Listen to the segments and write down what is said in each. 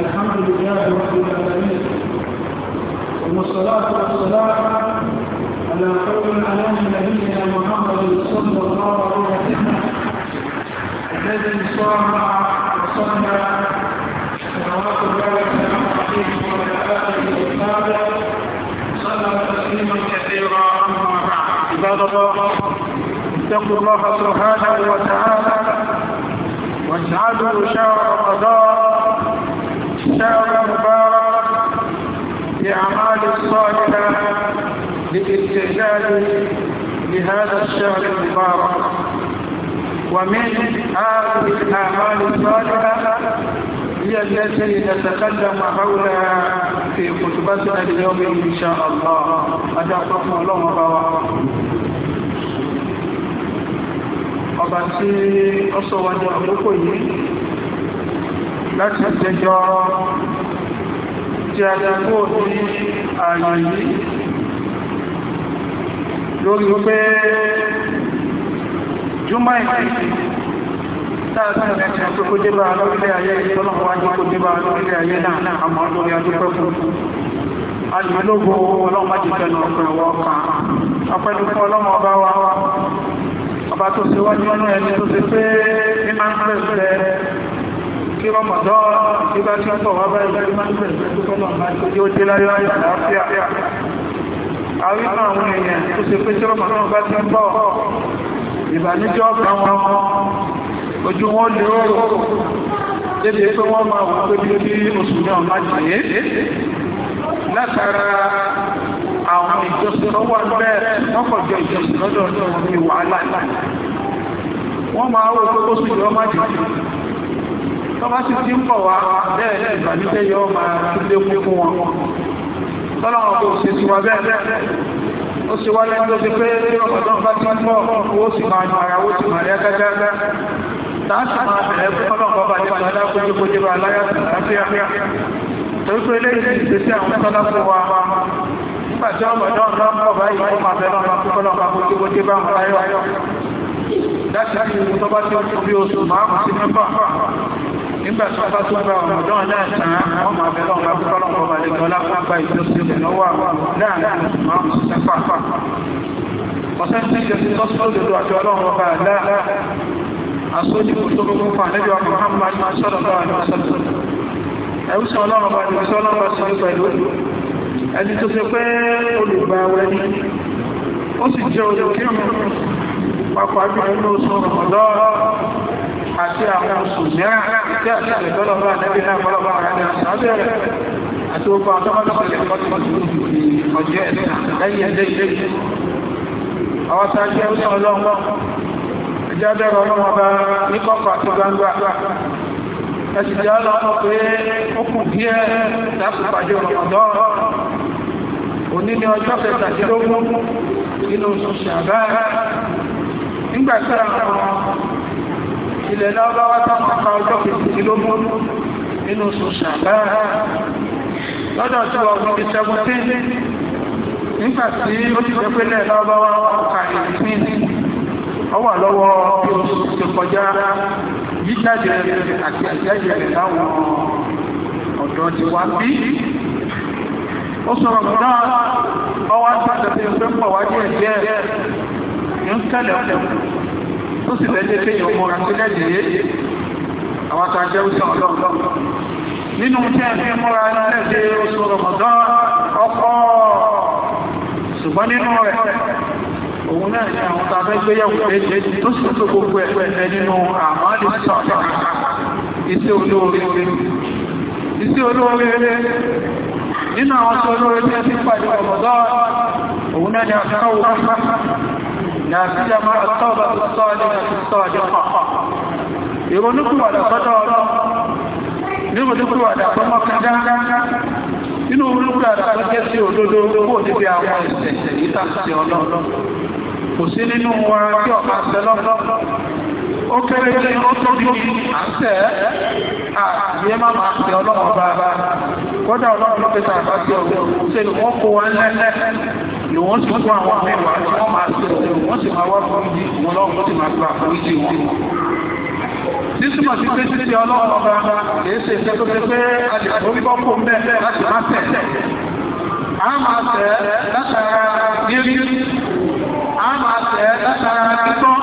الحمد لله رب العالمين ثم الصلاة والسلام على قول الأنام نبينا محمد صلى الله عليه وسلم الذي صام وصلى صلوات الله وسلامه عليه وعلى آله صلى تسليما كثيرا بعد عباد الله اتقوا الله سبحانه وتعالى واجعلوا شاء الهلال لهذا الشهر المبارك ومن هذه الأعمال الصالحة هي التي نتكلم حولها في خطبتنا اليوم إن شاء الله أدعوكم الله مبارك ọba tí ó sọ wà ní àkókò yìí láti tí a dá kó ní yìí lórí wípé jùmọ́ ìpínlẹ̀ táàtà ẹ̀kẹ́ tó kó dé bá lórílẹ̀ ayé ìtọ́lọ̀wọ́ ajé kó dé bá lórílẹ̀ ayé náà àmọ́ lórí adúpẹ́ fún alìmọ́lógó ọlọ́mọdìjẹ́nu ọ̀pẹ̀ wọ́n kan ọpẹ́lúkọ́ ọlọ́mọ ọba wa ọba tó ṣe wájú ọ̀nà ẹni tó ṣe pé ní máa ń pẹ̀lẹ̀ kí rọmọdọ́ ìgbà tí ó tọ̀ wá báyìí máa ń pẹ̀lẹ̀ tó kọ́lọ̀ àríkà àwọn èèyàn tó ṣe pé ṣọ́rọ̀mà náà bá ti ń bọ̀ ìbànújẹ́ ọ̀gá wọn ojú wọn lè rọrùn débi pé wọ́n máa wọ́n pé bí bí oṣù náà má jìyé látara àwọn ìjọsìn lọ́wọ́ bẹ́ẹ̀ mọ́kànjọ ìjọsìn lọ́dọ̀ ọdún ní wàhálà wọ́n máa wọ́n pé oṣù yọ má jìyé tọ́bá sì ti ń bọ̀ wá bẹ́ẹ̀ ìbànújẹ́ yọ máa tún lé fún wọn tọ́lọ́wọ́n kò sí sí wa bẹ́ẹ̀ ó sì wá lẹ́nu tó ti pé tí ọ̀pọ̀lọpọ̀ bá ti ń bọ̀ ó sì máa ju ara ó sì máa rẹ́ gẹ́gẹ́ láti máa bẹ̀rẹ̀ fún ọlọ́pàá bá ní padà kójú kójú bá aláyàtọ̀ láfíàfíà torí pé eléyìí ti ṣe sí àwọn tọ́lá fún wa nígbà tí ọmọdé ọ̀nà ọ̀pọ̀ báyìí wọ́n máa bẹ̀rẹ̀ ọ̀nà fún ọlọ́pàá kójú kójú bá ń báyọ̀ láti ṣe ìwé tó bá tí ó tún bí oṣù márùn-ún sí mẹ́fà nígbà tó bá tó bá ọmọdán náà tán wọ́n máa bẹ̀rẹ̀ ọmọ akúkọ́lọ́ ọmọ balẹ̀ kan lápá ìjọsìn ìnáwó láàrin márùn sẹ́fà ọ̀sẹ̀ tí jẹ́ sí tọ́sílódòdó àti ọlọ́run ọba Muhammad sọ́dọ̀ bá ní ọ̀sẹ̀tọ̀ ẹ̀wùsàn ọlọ́run ọba ní ọ̀sẹ̀ ọlọ́run sí pẹ̀lú ẹni tó ṣe pé olùgbàwẹ̀ ni ó sì jẹ́ olùkírùn pàpàá jù nínú oṣù ọ̀dọ́ àti àwọn oṣù mìíràn àti àti ìtọ́lọ́bà àti náà fọ́lọ́bà àti àti rẹ̀ àti ogun àtọ́mọ́lọ́pẹ̀lẹ̀ ọjọ́ ẹ̀ lẹ́yìn ẹ̀lẹ́ ilé àwọn tàbí ẹ̀rùsàn ọlọ́mọ́ ẹjọ́ bẹ̀rẹ̀ ọlọ́mọ́ bá ní kọ́kọ́ àti gbangba ẹ̀sì jẹ́ ọlọ́mọ́ pé ó kù díẹ̀ lápùpàdé ọ̀dọ́ òní ni ọjọ́ kẹtàdínlógún nínú ṣàbá nígbàtí àwọn ilẹ̀ lọ́wọ́wọ́ tápápá ọjọ́ kìtìlógún nínú oṣù ṣàbára lọ́dọ̀ tí wọ́n fi sẹ́gúntín nígbàtí ó ti jẹ́ pẹ́lẹ̀ lọ́wọ́wọ́ kàrí ìpín ọwà lọ́wọ́ oṣù ti kọjá jíjáde àti àjáde rẹ̀ láwọn ọ̀dọ́ ti wá bí ó sọ̀rọ̀ náà ọwá sáàtẹ̀ tí ó fẹ́ pọ̀ wájú ẹ̀jẹ̀ ń kẹ́lẹ̀ ọ̀lẹ̀kùn tó sì lẹ́jẹ́ kéèyàn mọ́ra tó lẹ́jẹ́ àwọn àtàjẹ́ òṣà ọlọ́ọ̀lọ́ nínú tí a fi mọ́ra lẹ́jẹ́ oṣù Ramadan ọkọ̀ ṣùgbọ́n nínú rẹ̀ òun náà ni àwọn tàbí gbéyàwó lẹ́jẹ́ tó sì tó gbogbo ẹ̀ nínú àmọ́lẹ̀ sọ̀tọ̀ iṣẹ́ olóore iṣẹ́ olóore nínú àwọn tí olóore tí a ti pàdé Ramadan òun náà ni àkọ́wọ́ لا سيما التوبة الصادقة الصادقة ìrònúkú wà lọ́sọ́dọ̀ ọlọ́ nírònúkú wà lọ́sọ́mọ́ kẹjá inú orúkú àdàkọ́jẹ́ sí òdodo kó níbi àwọn ẹ̀sẹ̀ ìtàkì ọlọ́ọ̀lọ́ kò sí nínú wọn tí ọ̀pá àtẹ́lọ́lọ́ ó kéré jẹ́ ó tóbi àṣẹ àti ẹmà máa ṣe ọlọ́run bàbá kódà ọlọ́run ló pèsè àbájọ òun ṣe ni wọ́n kó wọn lẹ́lẹ́ ni wọ́n sì kó àwọn mẹ́wàá tí wọ́n máa sọ wọ́n sì máa wá fún ìdí wọn lọ́wọ́ wọ́n sì máa gba àforíjì wọn. Nísìmọ̀ sí pé sí ọlọ́run ọba kìí ṣe ìṣẹ́ tó ṣe pé a lè forí bọ́ kó mẹ́ẹ̀ láti máa tẹ̀. A máa tẹ̀ látara rírí, a máa tẹ̀ látara títọ́,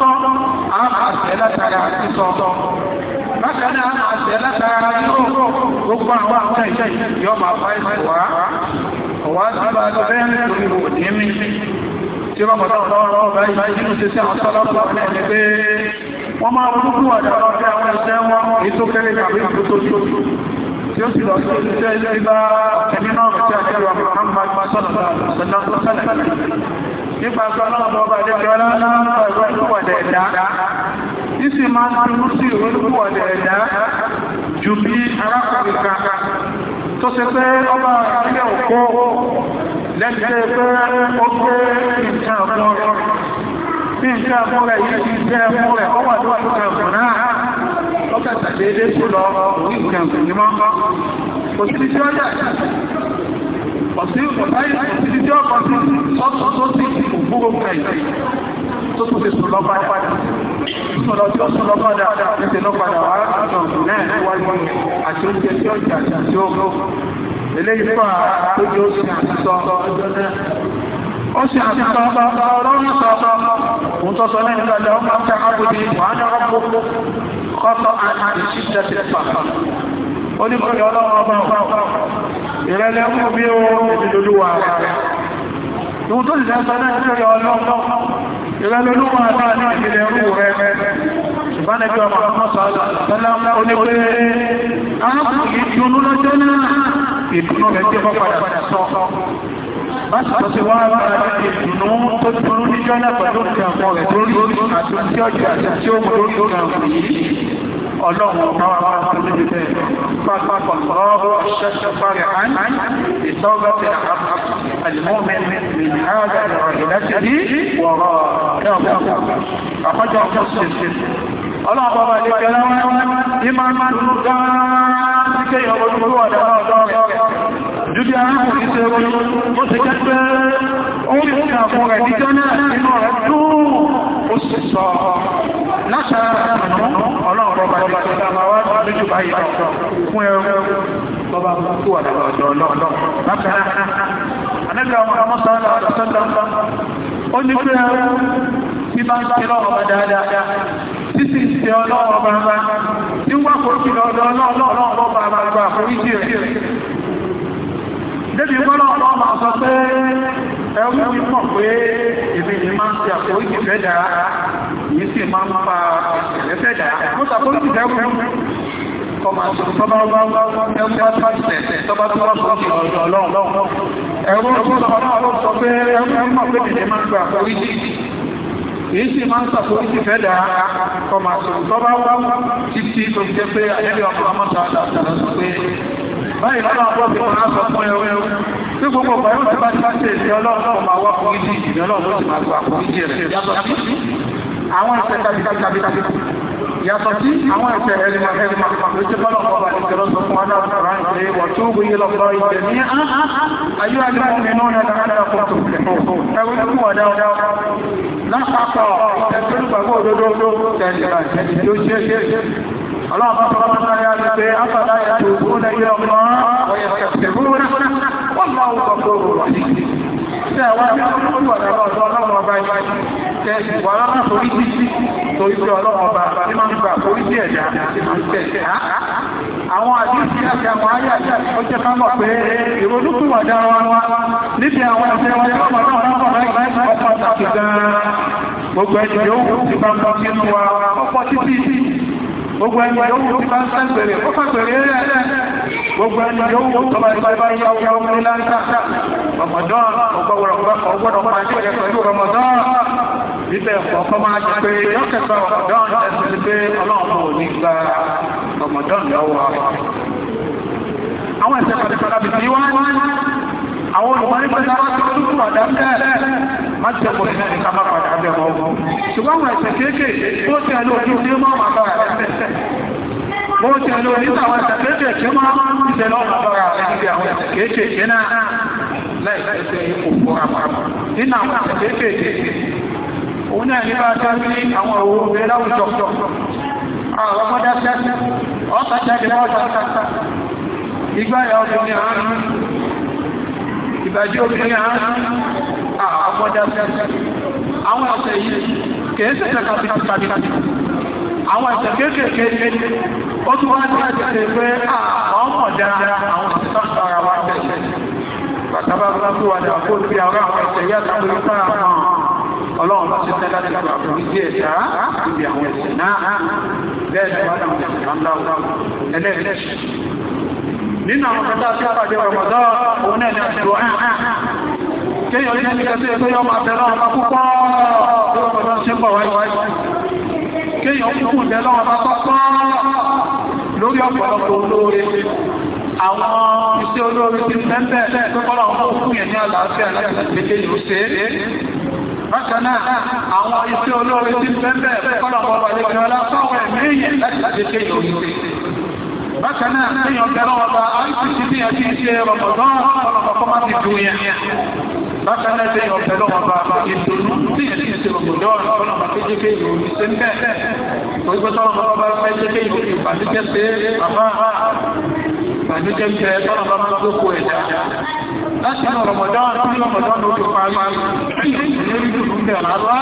a máa tẹ̀ látara títọ́. Bákan wá sí bá lọ bẹ́ẹ̀ nítorí ò ní mí tí wọ́n mọ̀tọ́ ọ̀rọ̀ ọ̀rọ̀ báyìí nínú ṣe sí àwọn sọ́lọ́pọ̀ ní ẹni pé wọ́n máa rúrú àdáwọ̀ bí àwọn ẹ̀ṣẹ́ wọn ní tó kéré tàbí àkótó tó tí ó sì lọ sí iṣẹ́ ilé bá ẹ̀mí náà rẹ̀ tí a jẹ́rọ àmàmà sọ́nà nípa sọ́nà ọba jẹ́jọ́ lára ẹ̀rọ ìrúwọ̀dẹ̀ ẹ̀dá ìsì máa ń tún sí ìrúwọ̀dẹ̀ ẹ̀dá jù bí arákùnrin kan tó ṣe pé ọba ilé ọ̀kọ́ lẹ́gbẹ́ pé ó gbé nǹkan ọ̀pọ̀ bí nǹkan ọmọ rẹ̀ yìí ti jẹ́ ọmọ rẹ̀ ó wà lọ́wọ́ nǹkan ọ̀pọ̀ náà ọkọ̀ tàdédé tó lọ nǹkan ọ̀pọ̀ ní mọ́ kò sí tí ó yà ọ̀sí ọ̀pọ̀ tó tún fi sùn lọ padà sọ̀rọ̀ tí ó sùn lọ padà níṣẹ́ lọ padà wá àtọ̀gùn náà níwájú àti oúnjẹ tí ó jà jà tí ó gbó eléyìí fún àtúndì ó sì àtúntọ́ ọjọ́ náà ó sì àtúntọ́ ọ̀rọ̀ ń sọ òun tó sọ lẹ́yìn lọ́lẹ́ ó máa ń tẹ àbúrò wà á dọ́rọ́ gbogbo kọ́tọ̀ àti ìṣiṣẹ́ ti pàpà ó ní kọ́ni ọlọ́run ọba ọba ìrẹ́lẹ́ fún bí ó ìdílolúwa rẹ̀ ìwọ̀n tó sì lẹ́sọ náà ń tẹ̀lé ọlọ́run ìrẹ́lẹ́lúwà láàrin ìpínlẹ̀ rú rẹ̀ ṣùgbánẹ́bí ọmọ ọmọ́sọ́lá tọ́lá onígbé arákùnrin ìdúnú lọ́jọ́ náà ìdúnú rẹ̀ tí wọ́n padà sọ Báṣọ́ ti wá rárá ìdùnnú tó dúró níjọ́ náà pẹ̀lú ìkẹ́ ọmọ rẹ̀ lórí àti ọjọ́ ọlọ́run ọmọ wa fún níbi bẹ́ẹ̀ pápákọ̀ ọ̀rọ̀ ṣẹ́ṣẹ́ fárẹ̀ án ìtọ́gbẹ́sẹ̀ Júdí àwọn òṣìṣẹ́ ogun, ó ti jẹ́ pé ó ń fún àwọn ẹ̀dìjọ́ náà nínú rẹ̀ tó ó sì sọ látara báyìí fún ẹrú tọ́ba kú àdàlọ́ ọ̀dọ̀ ọlọ́ọ̀lọ́ bákan náà anẹ́gbẹ̀ ọmọ ọmọ sọ́lọ́ ọ̀sọ́lọ́ ó ní pé ẹrú tí bá ń ṣe lọ́wọ́ dáadáa títí ń ṣe ọlọ́wọ́ bàbá tí wọ́n kò kí lọ́dọ̀ ọlọ́ọ̀lọ́ bàbá àforíjì rẹ̀ débi gbọ́nà ọmọ sọ pé ẹwú ní mọ̀ pé èmi ni máa ń ṣe àforíjì fẹ́ dáa yìí sì máa ń fa ẹ̀fẹ́ dáa kọ́ máa sọ tọ́bá bá ẹgbẹ́ pàṣẹ tọ́bá tó wá sọ́ọ̀kì ọ̀dọ̀ ọlọ́run ẹ̀rọ ọlọ́run sọ pé ẹgbẹ́ mọ̀ pé nìyẹn máa ń gbà àforíjì èyí sì máa ń sàforíjì fẹ́ dà á kọ́ máa sọ tọ́bá wá títí tó jẹ́ pé àyẹ́lẹ́ ọkọ̀ ọmọta àtàlà sọ pé báyìí lọ́nà àbọ̀ ti máa sọ fún ẹwẹ́ tí gbogbo ọ̀pọ̀ ẹ̀rọ ti bá ti bá ṣe ìṣẹ́ ọlọ́run máa wá foríjì ìṣẹ́ ọlọ́run ló ti máa gbà àforíjì rẹ̀ yàtọ̀ àwọn ìṣẹ́ tàbí tàbí tàbí yàtọ̀ sí àwọn ẹ̀ṣẹ̀ ẹ̀rìmà ẹ̀rìmà lójú bọ́lá ọ̀pọ̀lá ìjọba sọ fún adá ọ̀rán ṣe wọ̀ tó gbé yẹ lọ́pọ̀ ìjẹ̀ ní ayé agbá nínú ẹ̀dá ẹ̀dá pọ̀tò ẹ̀wọ́n tó wà dá ọ̀dá lápapọ̀ ẹ̀fẹ́lúgbàgbọ́ òdodo tẹ̀lé ló ṣe ṣe ọlọ́run bá sọ́kọ́ náà yá ti pé afọ́dá ìlú ìgbóná ilé ọmọ ọ̀yẹ̀kẹ̀kẹ̀ tẹ́ ìwà ọlọ́run torí sí torí pé ọlọ́run ọba àbáni máa ń gbà torí sí ẹ̀dá àti àwọn àdíṣí àti àwọn ayá ó jẹ́ ká mọ̀ pé ìrònúkúwàdá wa níbi àwọn ẹgbẹ́ wọn yọ́ mọ̀ náà ọ̀pọ̀ tàbí gan gbogbo ẹni yóò ti bá ń nínú wa ọ̀pọ̀ títí gbogbo ẹni yóò ti bá sẹ́gbẹ̀rẹ̀ ó fàgbẹ̀rẹ̀ rẹ̀ gbogbo ẹni yóò tọba ìbá ìyá ọmọ ìlànà ọmọdán ọgbọ̀wọ̀rọ̀ ọgbọ̀dọ̀ pàdé níbẹ̀ kọ̀ọ̀kan máa jẹ pé lọ́kẹ̀ẹ́gbà ọ̀dọ́n ẹ̀sìn ti pé ọlọ́run ò gba ọmọdọ́n lọ́wọ́ àwọn ẹ̀sẹ̀ ti ẹ̀lú ojú ní mọ́ máa bára àdáńtẹ́ bó ti ẹ̀lú onítàwọn ẹ̀sẹ̀ kéékèèké máa náà láìsẹ̀ ìpò fún àpapọ̀ nínú àwọn ẹ̀sẹ̀ òun náà ní bá dájú ní àwọn òwò obìnrin láwùjọ àwọn ọmọdé ṣẹ́ṣẹ́ ọ̀pá ṣẹ́ṣẹ́ lọ́wọ́ ṣẹ́ṣẹ́ ìgbáyà obìnrin àárín ìbàjẹ́ obìnrin àárín àpọ̀dá ṣẹ́ṣẹ́ àwọn ọ̀sẹ̀ yìí kèé ṣẹ̀ṣẹ̀ kàbíkàbí àwọn ẹ̀sẹ̀ kéékèèké ó tún wá ní àjẹ́ pé àwọn ọ̀dá àwọn ọ̀sẹ̀ sára wá ṣẹ̀ṣẹ̀ bàtàbà bá tó wà dà kó ọlọ́run bá ṣe tẹ́lá ti gba àforíjì ẹ̀dá níbi àwọn ẹ̀ṣẹ̀ náà bẹ́ẹ̀ ni wọ́n dáhùn ẹ̀sìn kan láwùrá ẹlẹ́ẹ̀lẹ́sì nínú àwọn kọjá sí àpàdé ọmọdọ́ òun náà ni àṣẹwọ́ kéèyàn ní ẹni kẹsí ẹgbẹ́ yọmọ àtẹ́lọ́ ọmọ púpọ̀ lọ́wọ́dọ́ ṣe pọ̀ wáyíwáyí kéèyàn kúkú ìdẹ́lọ́ ọmọ púpọ̀ lórí ọ̀pọ̀lọpọ̀ olóore àwọn iṣẹ́ olóore ti tẹ́ńtẹ́ pẹ́kọ́lọ̀ ọmọ òkú yẹn ní àlàáfíà láti bákan náà àwọn iṣẹ́ olóore tí bẹ́ẹ̀ kọ́lọ̀kọ́ pàdékẹ́ ọlá fáwọn ẹ̀mí èèyàn láti àdékẹ́ ìlòyìn bákan náà èèyàn tẹ́lọ́ ọba àìsí bí ẹjí iṣẹ́ rọ̀mọ̀dán ọlọ́kọ̀ọ́kọ́ má ti dùn yẹn bákan náà èèyàn tẹ́lọ́ ọba ìdùnnú tí ẹ̀sìn ìṣẹ́ rọ̀mọ̀dán ọlọ́kọ̀ọ́kọ́ tó jẹ́ pé ìròyìn ṣe ń láti ní ọ̀rọ̀mọ̀dán tí ọmọdán ló tó parí lérí tòun bẹ̀rẹ̀ àrọ́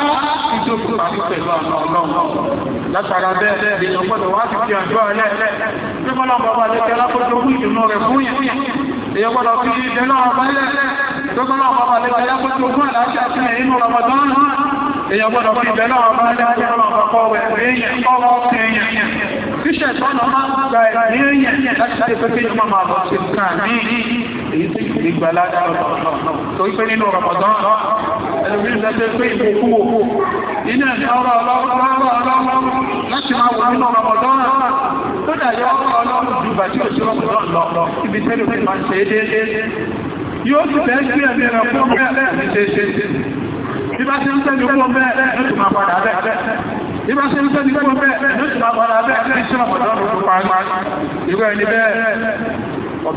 ìjọ tó parí pẹ̀lú àmà ọlọ́run látara bẹ́ẹ̀ lè lọ́gbọ́dọ̀ wá sí ti àjọ ẹlẹ́ tí fọ́nà bàbá lè tẹ́lá kó tó fún ìdùnnú rẹ̀ fún yẹn èyí gbọ́dọ̀ fi ìdẹ́ náà bálẹ̀ tó fọ́nà bàbá lè tẹ́lá kó tó fún àlàáfíà sí inú ọmọdán èyí gbọ́dọ̀ fi ìdẹ́ náà bálẹ̀ tó fọ́nà bàbá wẹ̀ èyí ọwọ́ kẹyìn Iṣẹ́ ìtọ́nà máa ń gba ẹ̀rọ ẹ̀yẹn láti ṣe pé kí ọmọ máa bọ̀ sí nǹkan ní èyí tí kì í gba ládàá torí pé nínú Ramadan ẹlòmíì lẹ́sẹ̀ pé ìbùkú wò iná ní ọ̀rọ̀ ọlọ́run láti máa wọ nínú Ramadan tó dàjọ́ ọ̀rọ̀ ọlọ́run ju bàtí òṣì Ramadan lọ ibi tẹ́lẹ̀ pé máa ń ṣe é déédéé yóò sì bẹ́ẹ̀ sí ẹ̀mí rẹ̀ fún bẹ́ẹ̀ ní ṣe ṣe bí bá ṣe ń tẹ́lẹ̀ fún bẹ́ẹ̀ ní ṣe máa padà bẹ́ẹ̀ bí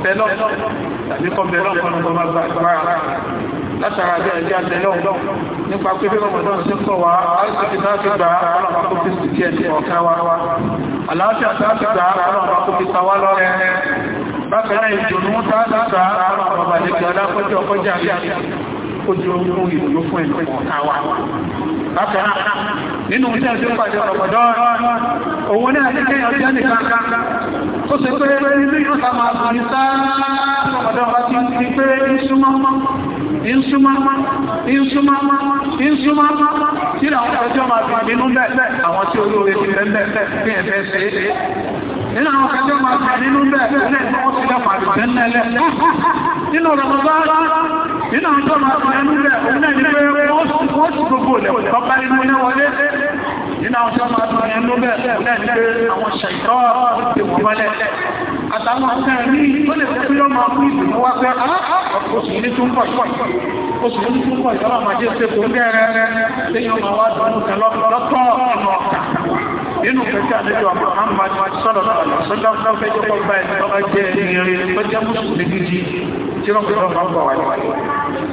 bá ṣe ń àbíkọ́ bẹ̀rẹ̀ ọ̀pọ̀lọpọ̀ ọmọ bá gbà látara bí ẹjẹ́ àtẹ́lẹ̀ ọ̀dọ́ nípa pé bí ọmọ náà ṣe kọ̀ wá aláàfíà tá a ti gbà ọlọ́mọ kó fi sì díẹ̀ ní ọ̀ká wa aláàfíà tá a ti gbà ọlọ́mọ kó fi ta wá lọ́rẹ́ bákan náà ìdùnnú tá a ti gbà ọlọ́mọ bàbá lè gbà lápẹ́jọ́ ọkọ́jà bí i ojú ohun ìdùnnú fún ẹ̀kọ́ ọ̀ká wa bákan tó ṣe pé ilé yóò ta ọjọ́ máa gbà nínú rẹ̀ bẹ́ẹ̀ bí ẹ̀fẹ́ ṣe é nínú àwọn ọjọ́ máa gbà nínú bẹ́ẹ̀ nínú nínú àwọn tó máa tọ́ ẹnu bẹ́ẹ̀ lẹ́ẹ̀lẹ́ àwọn ṣẹ̀tọ́ ti wọ́n mọ́lẹ̀ àtàwọn ọ̀sẹ̀ rí tó lè fẹ́ bí lọ́mọ fún ìdùnnú wá pé ah, ah, ah, oṣù ní tún pọ̀ oṣù ní tún pọ̀ ìjọba máa jẹ́ ṣe kò ń gẹ́rẹ́ rẹ́ lẹ́yìn ọmọ wa dọ́nù kan lọ́tọ̀ ọ̀nà ọ̀kà nínú pẹ̀sẹ̀ àlejò àwọn Muhammad sọ̀rọ̀ sọ́dọ̀ fẹ́ jẹ́ pọ̀ báyìí lọ́ba jẹ́ ìrìn tó jẹ́ mùsùlùmí gidi tí wọ́n fi lọ́ba ń bọ̀ wáyé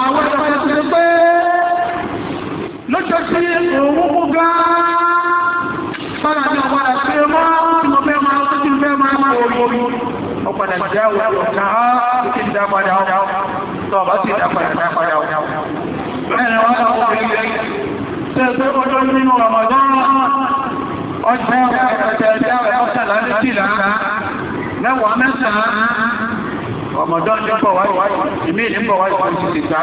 àwọn ìpàdé pé lójọ́ sí òun mú gáà Ramadan ní pọ̀ wáyé ìmí ní pọ̀ wáyé wọ́n ti tìta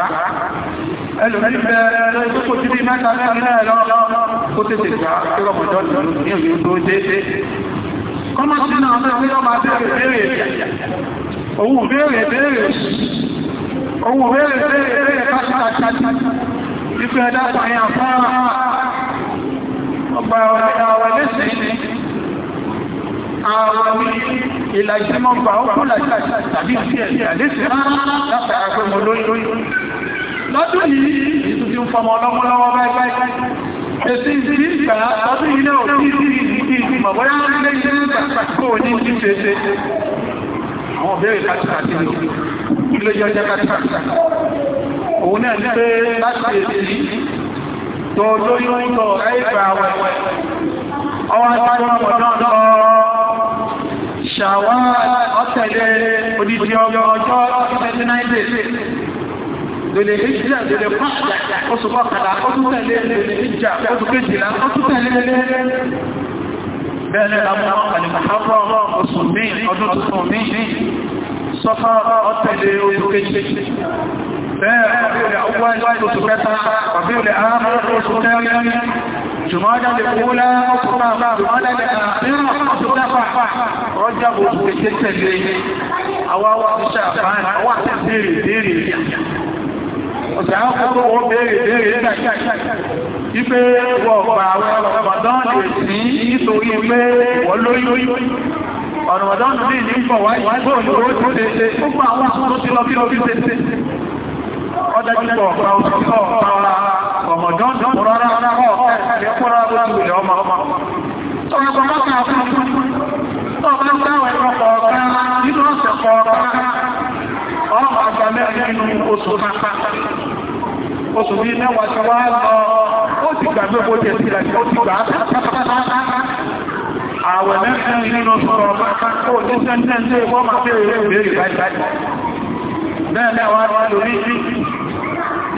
ẹlòmí bẹ̀rẹ̀ lọ́jọ́ kò tí bí mẹ́ta mẹ́rin lọ́wọ́ kó tètè gbà kí Ramadan ní òní tó déédéé kọ́mọ́ sí náà ọmọ ìwé ọmọ abẹ́rẹ̀ bẹ́rẹ̀ òun bẹ́rẹ̀ bẹ́rẹ̀ òun bẹ́rẹ̀ bẹ́rẹ̀ pátápátá ìfẹ́ ẹ̀dá pàyà fáà ọgbà ọ̀rẹ́ àwọn ẹlẹ́sìn ni àwọn ìlàjì mọ́ fà ó kúlà tàbí sí ẹ̀sẹ̀ àlẹ́sẹ̀ látara pé mo lóyún lọ́dún yìí ìtù ti ń fọmọ ọlọ́mọlọ́wọ́ báyìí èsì ìsì ìgbà lọ́dún yìí náà kí sí ìgbìmọ̀ bóyá lẹ́yìn ìgbà kó ní ti ṣeéṣe àwọn bẹ́ẹ̀ kàtàkì ilé jẹ́ kàtàkì òun náà ní pé láti èsì tó lóyún tó ẹ̀ẹ́fà wẹ̀ ọwọ́ àti ọmọ ọlọ́ọ̀lọ́ ṣàwá ọ̀tẹ̀lẹ̀ odidi ọjọ́ twenty nine days lòlè ìjà lòlè pàṣẹ oṣù kọkànlá ọdún tẹ̀lé lòlè ìjà oṣù kejìlá ọdún tẹ̀lé bẹ́ẹ̀lẹ́ lámúná pẹ̀lú àárọ̀ oṣù míì ọdún tuntun míì sọ́fà ọ̀tẹ̀lé oṣù kejì bẹ́ẹ̀ ọ̀bí olè àwọn oṣù kẹta ọ̀bí olè àwọn oṣù kẹrin جمادى الأولى وصدافة جمادى الأخيرة ọmọdún rọra ọ̀rọ̀ ẹ̀ẹ́dẹ̀ kúrò ọlọ́gbìnrin ọmọ ọmọ ọmọkọ̀ọ́kọ̀ oṣù bí mẹ́wàá ti wá lọ ó ti gbàgbé bó jẹ sílẹ̀ ó ti gbà àwẹ̀ mẹ́fẹ́ nínú sọ̀rọ̀ ọ̀pá tó jẹ́ sẹ́ńtẹ́ ń dé wọ́n máa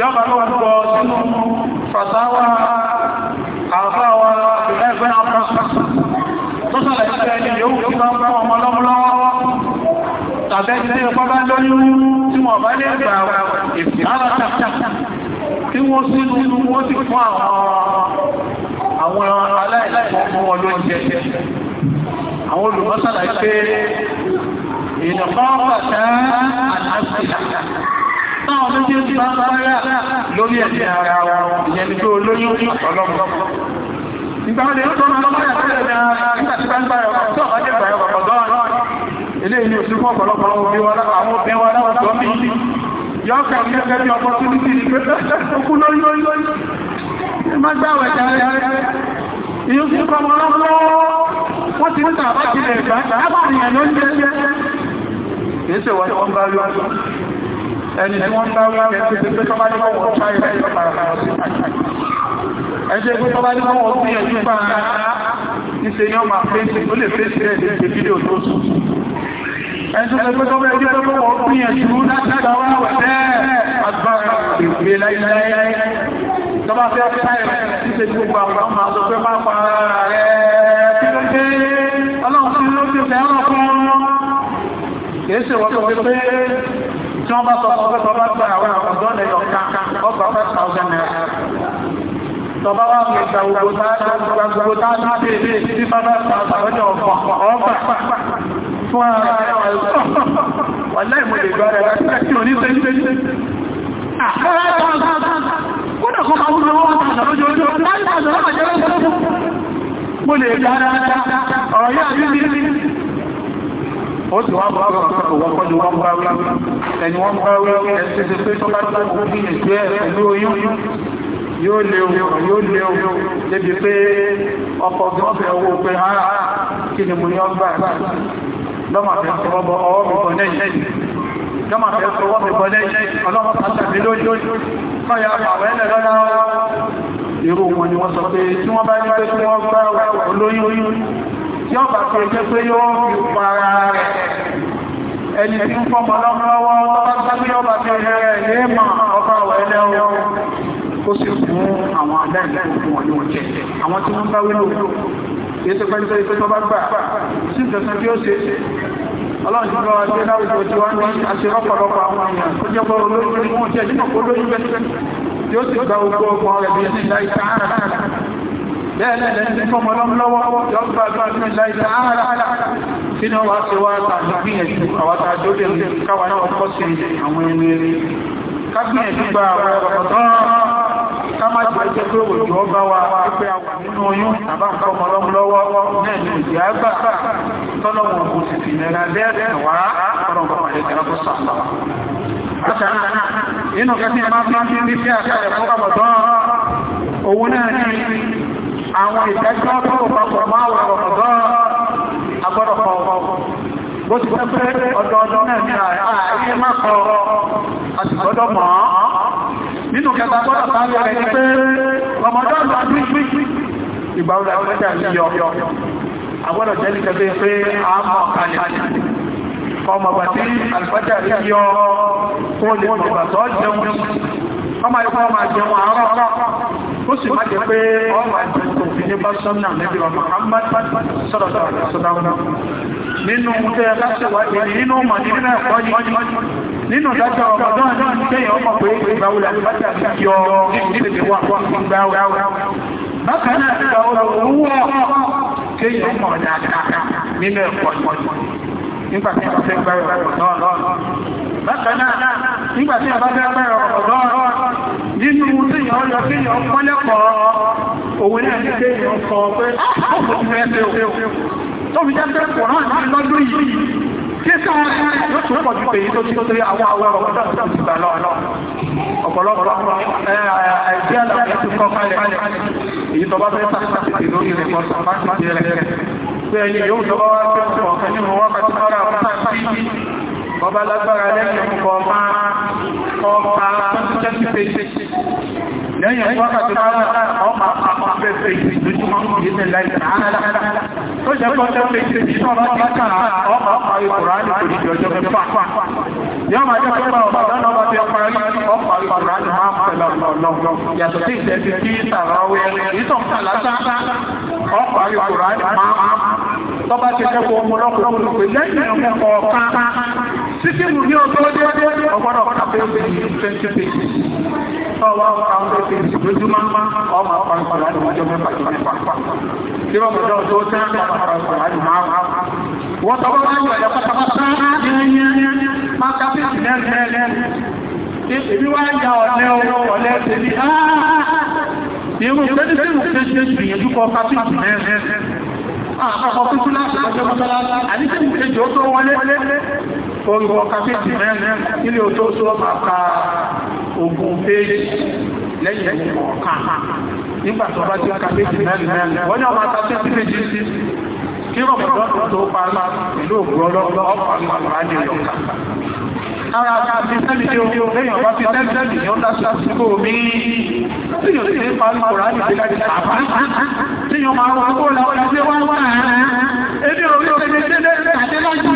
yọ́pàá lọ́wọ́ sọ sínú fàtàwà àfáwà ẹgbẹ́ àpá tó sọ̀rọ̀ ìṣẹ́ ẹni yóò tó bá bá ọmọ lọ́wọ́lọ́wọ́ tàbẹ́ tí ó bá lóyún tí wọ́n bá lè gbà tí wọ́n sí nínú wọ́n sì fún àwọn aláìláìfọ́ wọn ló ń jẹ ìdàkọ́ pàtàkì àti àṣìṣà táwọn méjèèjì máa ń sáyà lórí ẹ̀sìn ara wọn ìyẹn ni tó lóyún ọlọ́run ìgbà wọn lè ń tọ́nà ọlọ́run àti ẹ̀sìn ara nígbà tí bá ń gbà ẹ̀kọ́ tó ọ̀jẹ̀ gbà ẹ̀kọ́ kọ̀ọ̀dọ́ ilé ìlú òṣù fún ọ̀pọ̀lọpọ̀ obìnrin wọn àwọn obìnrin wọn láwọn tó ń bí yọ ọkọ̀ ní ẹgbẹ́ bí ọkọ̀ tó ní sí ìgbé okú lórí lórí lórí má gbáwẹ̀ jàre ìyó sí kọmọ lọ́wọ́ wọ́n ti ń tàbá ti ẹni tí wọ́n sáré kẹ́kẹ́ tí pé tọ́bá ní kọ́wọ́ ṣáyé rẹ̀ lọ́pàá sí ẹjẹ́ pé tọ́bá ní kọ́wọ́ sí ẹjú pa ìṣe ni ọmọ fèsì ó lè fèsì rẹ̀ ní ìṣe fídíò tó sùn ẹjọ́ pé tọ́bá ẹjú pé kọ́wọ́ gbìyànjú láti gbàwá wà bẹ́ẹ̀ agbára ìgbé láíláí tọ́bá fẹ́ ṣáyé rẹ̀ ní ìṣe gbogbo àwọn ọmọ àtọ́fẹ́ máa pa ara rẹ̀ kí ló dé ọlọ́run tí ló ti fẹ́ràn fún kìí ṣe wọ́n tó pé wọ́n bá sọ ọgbẹ́ tọ́ bá gba àwọn ọ̀dọ́ lè lọ ká ọgbà five thousand naira. Tọ́ba wá mi gba gbogbo táàdá gbogbo táàdá dé dé sí bábá àtàwọ́jọ́ ọ̀pọ̀ ọ̀pọ̀ fún ara rẹ̀ wà láì mo lè gbára rẹ̀ láti òní sẹ́yìn. Àkọ́rẹ́ ah, tààdá kódà kọ́ máa wúlò wọ́n tààdá lójoojúmọ́ láì tààdá lọ́mọ ó sì wá bá ọ̀rọ̀ kan wọ́n kọ́jú wọ́n bá wí ẹni wọ́n bá wí ẹni tí pé tó bá tó kú bí ìgbé ẹ̀ pẹ̀lú oyún yóò léwu yóò léwu débi pé ọkọ̀ tí wọ́n fẹ́ owó pé ara ah, ah, kí ni mo ní ọgbà lọ́mà fẹ́ sọ ọwọ́ mi bọ̀ lẹ́yìn lọ́mà fẹ́ sọ ọwọ́ mi bọ̀ lẹ́yìn ọlọ́mà pàtàkì lójú tí ọba kan jẹ́ pé yóò fi para rẹ̀ ẹni tí ń fọ́mọ lọ́wọ́ ọba sábí ọba kẹrẹ rẹ̀ ní bá tó bá gbà sí tí láwùjọ tí wọ́n ní aṣèrọ́pọ̀lọpọ̀ àwọn èèyàn tó jẹ́ bọ́ olóyún ní wọ́n jẹ́ nínú olóyún tí ó sì gba ogbó ọgbọ́n rẹ̀ bí ẹni láì sáárà bẹ́ẹ̀ náà lẹ́ni fọ́mọ lọ́wọ́ yọ́gbà gbàgbà láìsá ààrà tí náà wá sí wá tàbíyànjú àwátà jóde káwà náà kọ́ sí àwọn ẹni rí kábíyànjú gba àwọn ọ̀pọ̀tán ká má jẹ́ jẹ́ pé òjò ọba wa pípẹ́ àwà nínú oyún àbá nǹkan ọmọ ọlọ́mọ lọ́wọ́ náà ní ìdí àgbà tọ́lọ́wọ̀n kò sì fi nẹ̀rẹ̀ bẹ́ẹ̀ wá ọlọ́mọ àlejò ọkọ̀ Inú kẹsí ẹ máa fi ń fi àkàrẹ̀ fún àbọ̀tán òun náà ní àwọn ìdájọ́ tó papọ̀ máa wọ ọ̀dọ́ agbọ́dọ̀ kọ̀ ọ̀kọ̀. Bó ti gbọ́ pé ọdọọdún náà ní àárín má kọ àti gbọ́dọ̀ mọ̀ ọ́. Nínú kẹta gbọ́dọ̀ bá yọ ẹni pé ọmọdé ọ̀dọ́ ìgbà wo la gbọ́dọ̀ yọ. Àgbọ́dọ̀ jẹ́ ní kẹfẹ́ pé a mọ̀ kalẹ̀ ọmọ bàtí alfájà rí ẹni bá sọ́nà nẹ́bí wa Muhammad sọ́rọ̀ sọ́dọ̀ nínú tẹ́ láṣẹ̀wádìí nínú màdí nínú ẹ̀kọ́ yìí nínú dájọ́ ọmọdún àti ìṣẹ́yìn ọmọ pé ìgbàwòlà ìbájá ti kí ọ nílé wà gbáwà bákan náà ìgbàwòlà owó kéyìn ọmọ dáadáa nínú ẹ̀kọ́ nígbàtí a bá fẹ́ gbáwà ọ̀dọ́ bákan náà nígbàtí a bá fẹ́ gbáwà ọ̀dọ́ nínú tí ìyàn ọyọ kéyìn ọmọ lẹ́kọ̀ọ́ òun ní àti pé ìyàn sọ pé ọkùnrin ẹgbẹ́ òun tó fi jẹ́ pé kòrán ní lọ́dún yìí kí sáà ló tún pọ̀ ju èyí tó ti tó àwọn àwọn ọ̀rọ̀ tó ti gbà lọ lọ ọ̀pọ̀lọpọ̀ àìsí àlàyé ti kọ́ kalẹ̀ èyí tó bá fẹ́ sàkàtì lórí rẹ̀ kọ́ sàkàtì rẹ̀ pé ẹni yóò tó bá wá pé ọ̀kan nínú wákàtí mọ́ra ọba lágbára lẹ́yìn ọkọ̀ ọba ọba tó ti tẹ́sí lẹ́yìn wákàtí máa ọmọ afẹ́fẹ́ ìdójúmọ́ ìdílé láìsàn ánádá tó jẹ́ pọ́ tẹ́fẹ́ ìṣẹ́jì náà bá ti kàn ọmọ ìkùránì kò ní ìjọjọ́ mẹ́fà yọ́ máa jẹ́ pẹ́pẹ́ ọmọ lọ́nà bá ti ọparí ọmọ ìkùránì máa ń pẹ̀lọ lọ́lọ́ yàtọ̀ sí ìṣẹ́jì kí ìtàràwẹ̀ ìtọ̀kùn lásán ọmọ ìkùránì máa ń tọ́bá ti kẹ́kọ̀ọ́ ọmọ lọ́kùnrin pé lẹ́yìn ọmọ ọ̀kan síkìmù ní ọjọ́ ọjọ́ ọgbọ́dọ̀ pàtàkì 2020 bá wá àwọn ẹgbẹ́ ìṣèjọba ọmọ àpapọ̀ láti ọjọ́ mẹ́fà jọ mẹ́fà tí wọ́n mọ̀jọ́ tó tẹ́ àpapọ̀ láti máa wọ́n tọ́gbọ́n máa ń wẹ̀lẹ̀ pátápátá yẹ́nyẹ́nyẹ́ máa kápẹ́ ìdẹ́rẹ́lẹ́lẹ́ ìbí wá ń ya ọ̀lẹ́ ọ̀lẹ́ tẹ̀lé irú pẹ́lẹ́sẹ̀rù pẹ́ṣẹ́ ìgbìyànjú kọ kápẹ́sì mẹ́rin àpapọ̀ kúkú láti ọjọ́ mọ́tọ́lá àdíkẹ́ ìgbìyànjú ó tó wọlé orúkọ káfíìsì mẹ́rin nílé ò tó sọ máa ka ogun péjì lẹ́yìn ọ̀kan nígbà tó bá ti káfíìsì mẹ́rin mẹ́rin wọ́n ní ọmọ káfíìsì méjì sí kí rọ̀mọ̀dọ́ tó parí ìlú ògùn ọlọ́pàá ọ̀pàá àjẹyọ̀ká ara ká fi sẹ́lì tí ó lẹ́yìn ọba fi sẹ́lì ní ọ́dá sásìkò mi tí yóò sí parí kòrá ní ìgbàjì àbá tí yóò máa wọ́n kó lọ́wọ́ ìgbé wá wá ẹni orí orí ẹgbẹ́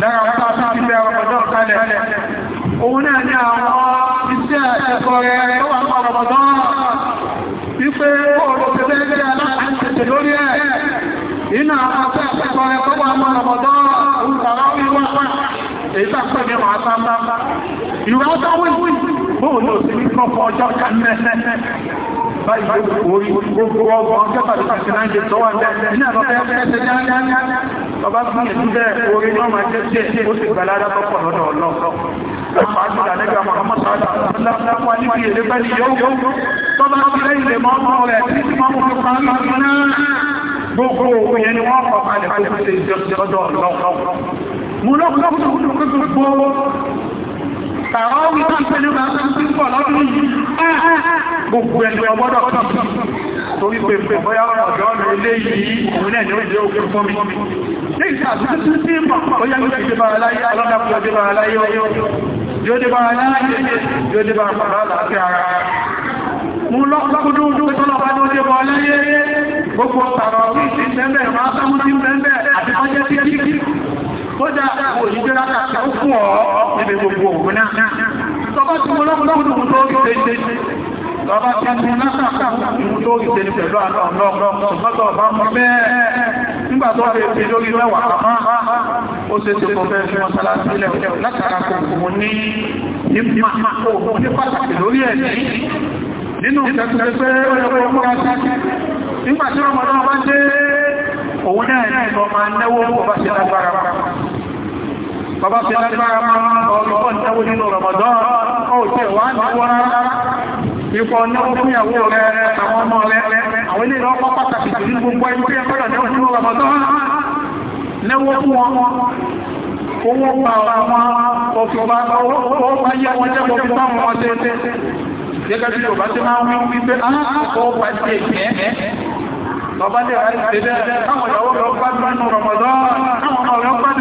lára wọn tàbí àbíbẹ̀ ọmọdọ́ kalẹ̀ òun náà ní àwọn iṣẹ́ ẹ̀kọ́ rẹ̀ tó wà ní ọmọdọ́ wípé olùpẹ̀lẹ́gbẹ̀rẹ̀ aláàtẹ̀tẹ̀ lórí ẹ̀ iná àwọn akẹ́kọ̀ọ́ rẹ̀ tó wà ní ọmọdọ́ olùkàrà wíwá èyí tàbí ní wà sáńbá ìwà ọjọ́ wíwí bóòlù sí ní kọ́kọ́ ọjọ́ kan mẹ́sẹ̀ẹ́sẹ̀ báyìí gbogbo orí gbogbo ọgbọ̀n kẹfà tó kàṣẹ náà jẹ tọ́wà ní àlọ́fẹ́ ẹgbẹ́ ẹgbẹ́ ẹgbẹ́ bàbá gbìyànjú bẹ́ẹ̀ orí náà máa jẹ́ díẹ̀ ó sì gbà lára tọ́pọ̀ lọ́dọ̀ ọlọ́run Àwọn àjọ̀dá lẹ́gbẹ̀ẹ́ àwọn ọmọ sáájú, lápá níbi èdè bẹ́ẹ̀ ni yóò tọ́bá sí lẹ́yìn lè mọ́ ọmọ rẹ̀ tí ti mọ́ ọmọ kan náà gbogbo òun yẹn ni wọ́n kọ̀ kalẹ̀ kalẹ̀ fún ṣe ìjọ́jọ́ ọlọ́run. Mo lọ́pọ̀lọpọ̀ Àwọn ọmọ ìpínlẹ̀ bá ń pín pọ̀ lọ́dún yìí. Gbogbo ẹgbẹ́ ọgbọ́dọ̀ kan tó wípé pé bóyá ọ̀dọ́ ọ̀nà ilé yìí òun náà ni ó jẹ́ ogun fún mi lẹ́yìn tí àtúntún sí mọ̀ bóyá yóò dé bára láyé ọlọ́dàpọ̀ dé bára láyé yóò dé bára láyé yóò dé bára pàrọ̀ láti ara mú lọ́kúndúndú tọ́lọ́pá tó dé bọ́ láyé gbogbo tààrà orí sí bẹ́ẹ̀ máa sáwọn sí bẹ́ẹ̀ àti ọjọ́ sí kíkí kódà òṣìṣẹ́ látàkà ó fún ọ níbi gbogbo òun náà tọ́bá tí mo lọ́kúndúndú tó ṣe ṣe Lọ́bá tẹ́lẹ̀ náà tó ìṣẹ́ ní pẹ̀lú àtọ̀ ọ̀lọ́ọ̀lọ́ ṣùgbọ́tọ̀ bá mọ́ bẹ́ẹ̀ nígbà tó rẹ̀ fi lórí mẹ́wàá àmá ó ṣe ṣe kò bẹ́ẹ̀ fi wọ́n sára sílẹ̀ látara kò kò ní ní pàtàkì lórí ẹ̀ nínú ìtẹ́kùnlẹ́gbẹ́ ọ̀rẹ́ ọmọ nígbà tí ọmọdé ọmọ dé òun náà ní ìbọn máa náwó ọba ṣe lágbára bàbá ṣe lágbára máa ọlọ́pọ̀ náwó nínú Ramadan ó ipò ọ̀nàwó fún ìyàwó rẹ̀ àwọn ọmọ rẹ̀ àwọn ilé ìrọ́pọ̀ pàtàkì sí gbogbo ẹni pé ẹgbẹ́rẹ̀ náà nínú ọmọdé lẹ́wọ́ fún wọn owó pa àwọn ọ̀fọ̀bá ọ̀fọ̀bá yẹ wọn jẹ́ gbogbo àwọn ọmọdé gẹ́gẹ́ bí Yorùbá tí máa ń wí pé aláàkọ́ wà sí ẹ̀kẹ́ Bàbá lè ráyè ṣe bẹ́ẹ̀, káwọn ìyàwó lọ gbádùn nínú Ramadan, káwọn ọmọ rẹ̀ gbádùn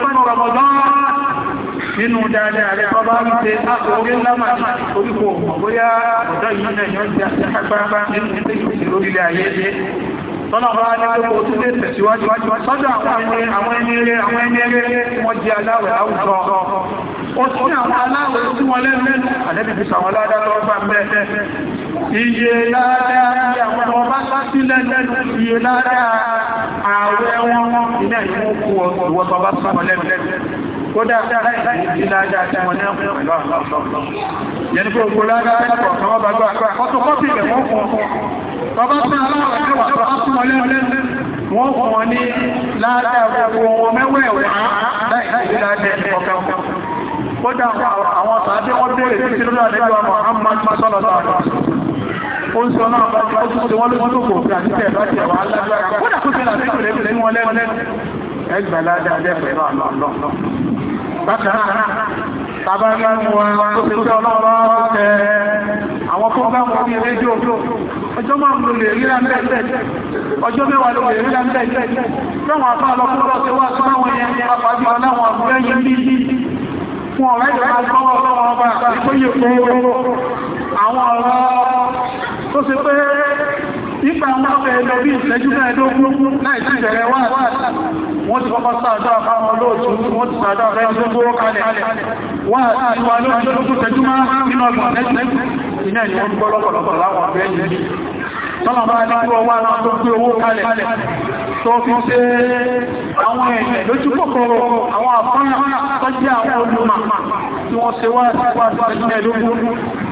nínú dáadáa rẹ̀ ọba ń ṣe orí lámà orípo bóyá ọ̀dọ́ yìí ó tún àwọn aláwẹ̀ tí wọ́n lẹ́nu àlẹ́bí fi sàwọn ládá bá mẹ́ẹ̀ẹ́ iye ládáa àwọn ọba sásílẹ̀ lẹ́nu iye ládáa ààrẹ wọn ilẹ̀ ìwọ̀n kú ọ̀wọ́ bá sàwọn lẹ́nu kódà ìlàjáta wọn ní ọmọ ìlú àwọn ọ̀pọ̀lọpọ̀ yẹni pé ogun lára ẹ̀kọ̀ kan wọ́n bá gbọ́ àpá ọ̀tọ̀ kọ́pì rẹ̀ wọ́n fún ọkọ̀ tọba tí aláwọ̀ ẹ̀kọ̀ fún ọlẹ́ wọ́n fún wọn ní láàrín ọgbọ̀n wọn mẹ́wẹ̀ẹ̀wẹ̀ kódà àwọn tàbí wọ́n bèèrè títí lọ́dọ̀ àdẹ́gbà Muhammad sọ́lọ̀tọ̀ ó ń sọ náà bá ti ó ti wọ́n ló ń lòkò fún àti tẹ̀ẹ̀bá ti ẹ̀wà alágbára kódà kó tẹ́lá sí ìrẹ́pẹ̀lẹ́ ní wọn lẹ́nu ẹgbẹ̀lá dáadẹ́ pẹ̀lú àlọ́ Bákan tàbá lẹ́nu wọn tó ti tẹ́ ọlọ́rọ̀ tẹ àwọn fún bá wọn ní rédíò ọjọ́ máa ń lè rí láńbẹ̀ ọjọ́ mẹ́wàá lè rí láńbẹ̀ lọ́wọ́n afá lọ́kọ́ lọ́sẹ̀ wá sí àwọn ẹ̀yẹn àwọn ọ̀rọ̀ tó ṣe pé Ipa aláfẹ́ ẹlọ bí ìṣẹ́jú mẹ́ẹ̀dógún láì sí ìbẹ̀rẹ̀ wà wọ́n ti kọ́kọ́ sáàdọ́ àfáwọn olóòtú wọ́n ti sáàdọ́ àfẹ́ ọdún gbówó kalẹ̀ wà sí wà lóòtú tẹ́jú máa nínú ọgbọ̀n tẹ́jú ìná ni wọ́n gbọ́ lọ́pọ̀lọpọ̀ láwọn ọ̀fẹ́ yìí tọ́nà bá ní kí ọwọ́ ara tó gbé owó kalẹ̀ tó fi ṣe àwọn ẹ̀yẹ̀ lójú kòkòrò àwọn àfáà tọ́jú àwọn wọ́n ṣe wá sí wá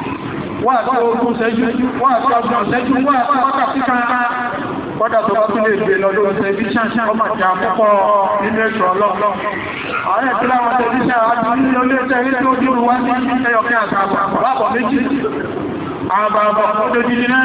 wọ́n àti ogún ṣẹ́jú wọ́n àti ọgbọ̀n ṣẹ́jú wọ́n àti wákàtí kankan kọ́dà tó bá tún lè gbé lọ lórí tẹlifíṣàn ọmọ àti àkọ́kọ́ nínú ètò ọlọ́run ààrẹ tí láwọn tẹlifíṣàn àti nílò ilé tẹ́rí tó dúró wá sí ẹyọkẹ́ àtàbà lápọ̀ méjì àbàbà tó dojú ní náà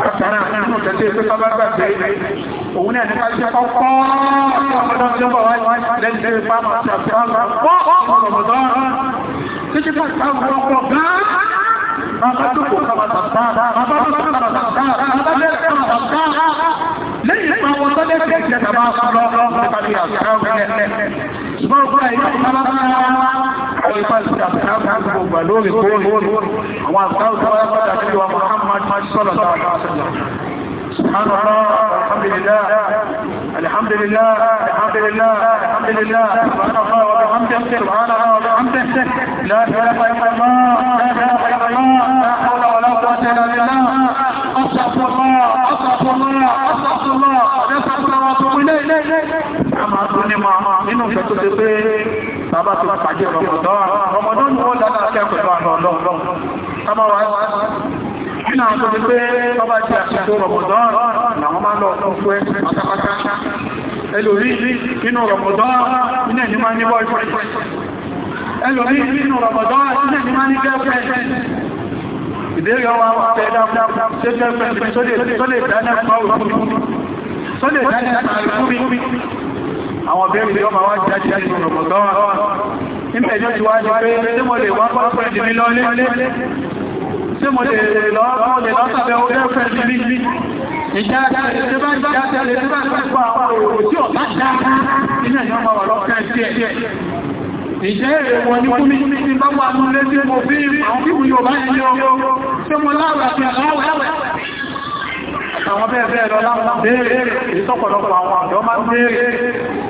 Bàtàrà nínú tẹ̀sí pé bá bá gbàgbé òun náà nípa jẹ́ kọ́kọ́ ọmọdún tí ó bọ̀ wáyé lẹ́yìn lẹ́yìn pa máa ṣe àfihàn bá ọmọdún. Títí bá ìta ọmọ ọkọ̀ gan-an. Bàbá tó kò kàmà tàbá, bàbá tó kàmà tàbá, bàbá tó kàmà tàbá. Lẹ́yìn ìpa wọn tó lẹ́sẹ̀ ìjẹ́ tàbá sọ́lọ́ lọ́pàá ní àṣà ọ̀gbẹ̀lẹ̀. Ṣùgbọ́n ọkọ̀ ìyá ìta bá bá سبحان الله الحمد لله الحمد لله الحمد لله الحمد لله سبحان الله وبحمده سبحان الله وبحمده لا اله الا الله لا اله الا الله لا حول ولا قوه الا بالله استغفر الله استغفر الله استغفر الله نسال الله واتوب اليه اما الله منك تدبير bá ti pàdé rọmọdán rọmọdán ni wọ́n dáadáa kẹ́kọ̀ọ́ bá lọ lọ́wọ́ kábàwá nínú àwọn tó ti pé ọba ti àṣìṣò rọmọdán làwọn máa lọ fún ẹ pátápátá ẹlòrí nínú rọmọdán iná ẹni máa ní bọ́ọ̀fẹ́ ẹlòrí nínú rọmọdán iná ẹni máa ní gẹ́fẹ́ ìdérẹ́ wa fẹ́ dáadáa ṣe gẹ́fẹ́ sólè dáadáa àwọn bẹ́ẹ̀rẹ̀ yọ́ máa wá jáde láti ọ̀rọ̀mọ̀tọ́ níbẹ̀ yóò ti wá ní pé tí mo lè wá pọ́pẹ́ jù mí lọ́lé tí mo lè lọ́sàbẹ̀ olẹ́fẹ́ jù mí ìjá àti ẹ̀lẹ́ tí bá ń jáde àti ẹ̀lẹ́ tí bá ń gbà ìjẹ́ àwọn bẹ́ẹ̀ bẹ́ẹ̀ lọ láwọn béèrè ìtọ́pọ̀lọpọ̀ àwọn àjọ máa ń béèrè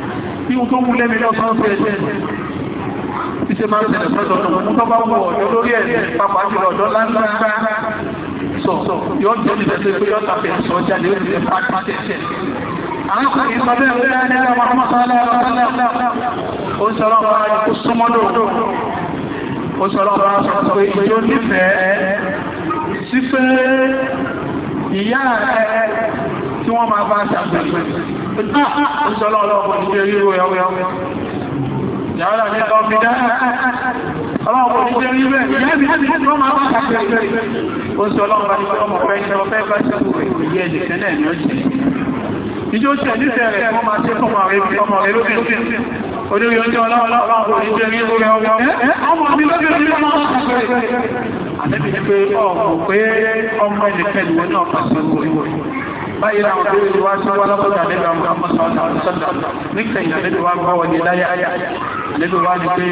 tí ó tó wú lẹ́mìí lọ́sán sí ẹ̀ṣẹ́ tí ṣe máa ń tẹ̀lẹ̀ sọ́tọ̀ ọ̀nà tó bá wù ọ̀dọ́ lórí ẹ̀ pápá jùlọ ọ̀dọ́ láńláńlá sọ yóò jẹ́ ní tẹ̀sẹ̀ pé yóò tàbí ẹ̀sọ́ jáde ó ti pàpà tẹ̀sẹ̀ àwọn kan ìsọ bẹ́ẹ̀ wọ́n ní ẹ̀rọ ọmọ sọ́lá ó ń sọ̀rọ̀ ọmọ ikú súnmọ́ lòdò ó sọ̀rọ̀ ọmọ sọ pé yóò nífẹ̀ẹ́ sí pé ìyá rẹ̀ tí wọ́n máa bá ṣàgbẹ̀gbẹ̀ Ìṣọ́lọ́ ọlọ́pọ̀ ti jẹ́ ríro ẹ̀wọ̀ ẹ̀wọ̀. Yàrá ní ọ̀pọ̀ fi dá. Ọlọ́pọ̀ ti jẹ́ ríro ẹ̀wọ̀ ẹ̀wọ̀ ẹ̀wọ̀ ẹ̀wọ̀ ẹ̀wọ̀ ẹ̀wọ̀ ẹ̀wọ̀ báyìí àwọn tó yẹ wá sí wá lọ́kọ̀tà nígbà mọ́sánà nígbà yà níbi wá gbọ́ wọlé láyé ayá níbi wá ní pé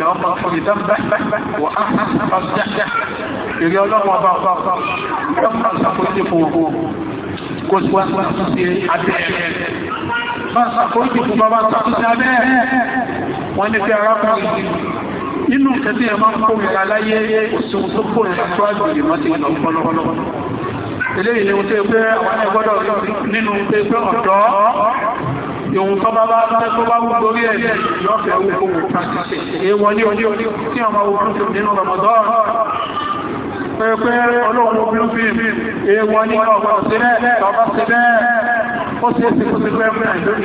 lọ́kọ̀ fún ìdámbẹ́ wà á pàṣẹ ìrí ọlọ́wọ́ bá bá bá bá sàkóyí fún wọn kó sí wá sí abẹ́ ẹ̀ bá sàkóyí fún bá bá sàkóyí abẹ́ ẹ̀ wọ́n ní pé arákùnrin nínú kẹsí ẹ̀ máa ń kó ìrà láyé òṣùn tó kó ìrà tó àjò eléyìí ni ohun tó pé àwọn ẹgbọ́dọ̀ nínú pé pé ọ̀dọ́ ìhun tó bá bá tẹ́ tó bá wúgbó rí ẹ̀rí lọ́fẹ̀ẹ́ wúgbó wò pàtàkì èèwọ̀ ní ojú tí ọmọ ogun tó nínú Ramadan pé pé ọlọ́run obìnrin fi èèwọ̀ ní ọgbọ̀n sílẹ̀ bàbá sílẹ̀ ó sì èsì kó ti pẹ́ fẹ́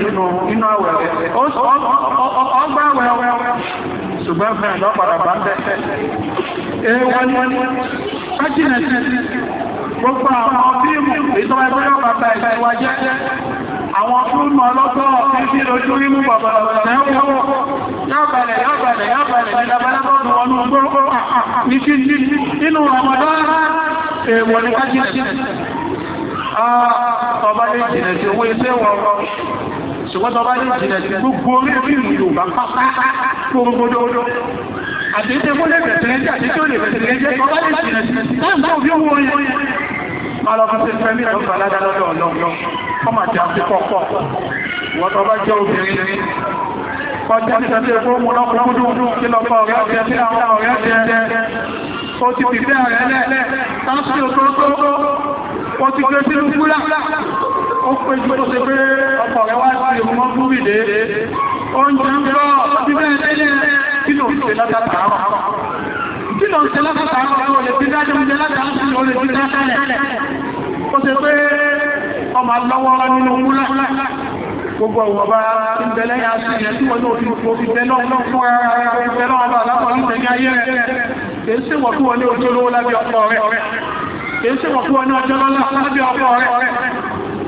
nínú àwẹ̀ ọgbà àwẹ̀ ṣùgbọ́n fẹ́ lọ́pàdà bá ń bẹ́ gbogbo àwọn fíìmù ìtọ́wà ìbúrẹ́ bàbá ìṣẹ́wà jẹ́ àwọn fíìmù ọlọ́tọ́ títí lójú rímú bàbá Ṣùgbọ́n tọba ní ìjìnlẹ̀ tí gbogbo orí ìrìn ìlú bá pàpàpàá gbogbo odòdó àti ìṣẹ́ kó lè bẹ̀tẹ̀lẹ́jẹ́ àti tí ó lè bẹ̀tẹ̀lẹ́jẹ́ kọ́ bá lè jìnà sí tó bí ó wọ́n yẹn máa lọ fún ṣe fẹ́mí ẹ̀rọ balada lọ́dọ̀ ọlọ́ọ̀lọ́ kọ́ máa jẹ́ àkókò pọ̀ wọ́n tó bá jẹ́ obìnrin ní ọjọ́ ìṣẹ́lẹ̀ fún mú lọ́kùnrin kí lọ́pọ̀ ọ̀rẹ́ ọ̀rẹ́ sí àwọn ọ̀rẹ́ jẹ́ ó ti fi bẹ́ẹ̀ rẹ̀ lẹ́ẹ̀ ó pé jí tó ṣe pé ọkọ̀ rẹ̀ wá sí ìmọ́ gúrìdé oúnjẹ ń gbọ́ ọdí bẹ́ẹ̀ tẹ́lẹ̀ kí ló ń ṣe látàtàrà kí ló ń ṣe látàtàrà ó lè fi dájọ́ ń jẹ látàtàrà ó lè fi dájọ́ ó ṣe pé ọmọ lọ́wọ́ nínú múlá gbogbo ọ̀wọ̀ba ìbẹ̀lẹ̀ àṣìyàn tí wọ́n ní òfin ìbẹ̀lẹ̀ ọ̀pọ̀ fún ara ìbẹ̀lẹ̀ ọ̀bá alápọ̀ ń tẹ̀lé ayé rẹ̀ kìí sí wọ̀ fún wọn ní ojú olówó lábẹ́ ọ̀pọ̀ rẹ̀ kìí sí wọ̀ fún wọn ní ọjọ́ lọ́lá lábẹ́ ọ̀pọ̀ rẹ̀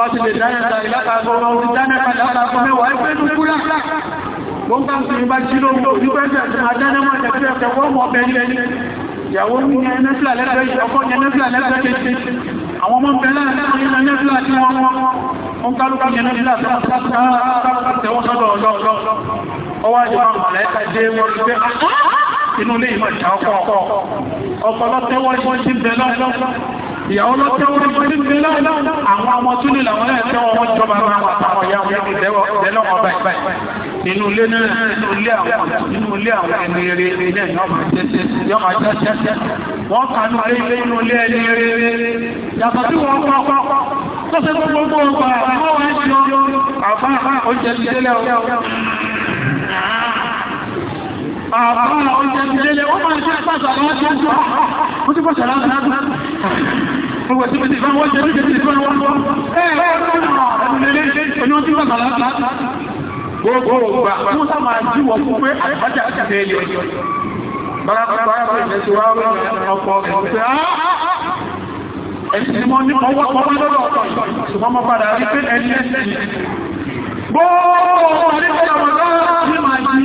bá ti lè dáyàtà ìlàkàgbọ́ orí dáyàtà ìlàkàgbọ́ mẹ́wàá ẹgbẹ́ tó kúrà wọ́n bá ti bá jí lóòrùn tó wípẹ́ tẹ̀sán adánẹ́mọ̀ tẹ̀sán ẹ̀kẹ́ wọ́n mọ̀ bẹ́ẹ̀ lẹ́ni ìyàwó ní ẹnẹ́fìlà lẹ́gbẹ̀ẹ́ ọkọ̀ ẹnẹ́fìlà lẹ́gbẹ̀ẹ́ kejì àwọn ọmọ bẹ̀rẹ̀ láàrin ẹnẹ́fìlà tí wọ́n wọ́n kálùkù ẹnẹ́fìlà tẹ́wọ́n sọ́dọ̀ ọlọ́ọ̀lọ́ ọwọ́ àjọ́ àwọn mọ̀lẹ́ta dé wọ́n rí pé ah, ah, inú ilé ìmọ̀ ìjà ọkọ̀ ọkọ̀ ọkọ̀ lọ́tẹ́wọ́ ìwọ́n ti bẹ̀rẹ̀ lọ́pọ̀ ìyàwó ló tẹ́wọ́ ní nílá àwọn ọmọ tún nílà wọn lẹ́yìn tẹ́wọ́ wọn jọba máa wà táwọn ìyá wọn ti tẹ́wọ́ ọba ìgbà nínú ilé náà nínú ilé àwọn nínú ilé àwọn ẹni rere náà yọ máa jẹ́jẹ́ yọ máa jẹ́jẹ́ wọ́n kanú ilé inú ilé ẹni rere yàtọ̀ sí wọn pọ́pọ́ tó ṣe tó gbogbo ọgbà àwọn ẹ̀ṣọ́ àbá àbá oúnjẹ ti délẹ̀ ọ̀gá Àbára oúnjẹ ti lélẹ̀, ó máa ṣe àpáṣà lọ́wọ́ tí ó jọ. Ó ti pọ̀ṣẹ̀ láti láti láti. Gbogbo ti pèsè ìfẹ́ wọ́n jẹ́ ní ìfẹ́ wọ́n wọ́n. Ẹ̀sìn mọ́ ní ọwọ́ ọmọ lọ́rọ̀ ọ̀tọ̀ ṣùgbọ́n mọ́ padà rí pé ẹni ẹ̀sìn. Gbogbo ọmọ ní ọjọ́ ọmọ lọ́rọ̀ ní màá jí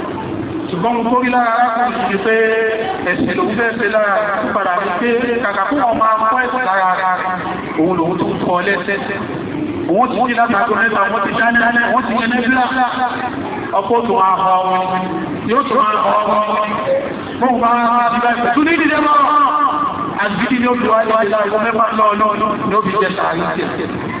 ṣùgbọ́n mo torí lára arákùnrin ti pé ẹ̀sìn lòun fẹ́ ṣe lára padà ní pé kàkà fún ọmọ akọ́ ẹ̀sìn lára òun lòun tó ń kọ lẹ́sẹ̀ òun ti ní láti àtọ́ mẹ́ta wọ́n ti dáná wọ́n ti yẹn nílá ọkọ̀ tó máa họ ọmọ yóò tó ọmọ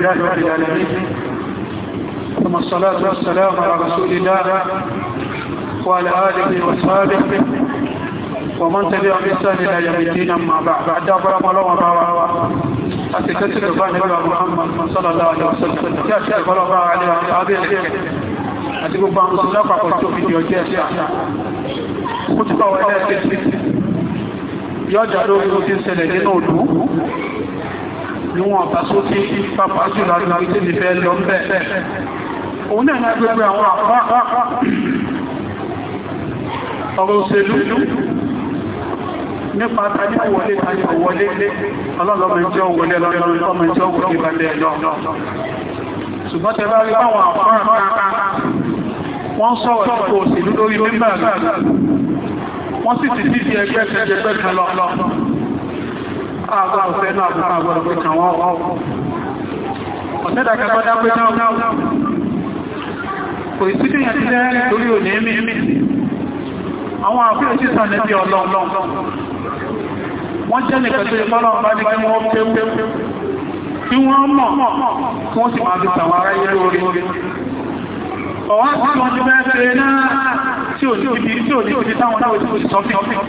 الله رب العالمين ثم الصلاة والسلام على رسول الله وعلى آله وصحبه ومن تبع بإحسان إلى يوم الدين أما بعد بعد أبرم الله وبرا أتكتب بان محمد صلى الله عليه وسلم كاتب الله على وآله àti gbogbo àwọn ọlọ́pàá kan tó fi di ọjọ́ ẹ̀sẹ̀ àṣà kó tó bá wọlé ẹ̀sẹ̀ ni wọ́n ta sókè pápá sí ìlànà tí mi fẹ́ lọ bẹ́ẹ̀. òun náà ní agbègbè àwọn àpá ọ̀rọ̀ òṣèlú nípa tàbí wọlé tàbí wọlé ọlọ́lọ́mọ̀ẹ́jọ́ wọlé ọlọ́lọ́mọ̀ẹ́jọ́ wọlé balẹ̀ lọ ṣùgbọ́n tẹ́lá rí báwọn àpárán wọ́n sọ̀rọ̀ ìpò òṣèlú lórí mímbà wọ́n sì ti sí ẹgbẹ́ ẹgbẹ́ kan lọ àbá òfẹ́ náà àbúkà àgbọ̀rọ̀ pé kàn wọ́n ọ̀sẹ́dà kẹfà dápé náà kò ìsúkẹ́ yẹn ti lẹ́rẹ́ torí ò ní mímí àwọn àfihàn sí sàn níbi ọlọ́ọ̀lọ́ wọ́n jẹ́ nìkan tó yẹ fọ́lọ́ bá ní kí wọ́n pé kí wọ́n mọ̀ wọ́n sì máa fi tàwọn ará yẹ́ lórí ọ̀wọ́n tí wọ́n ti bẹ́ẹ̀ fẹ́ náà tí ò ní ti táwọn náà ò sí sọ́fíọ́fíọ́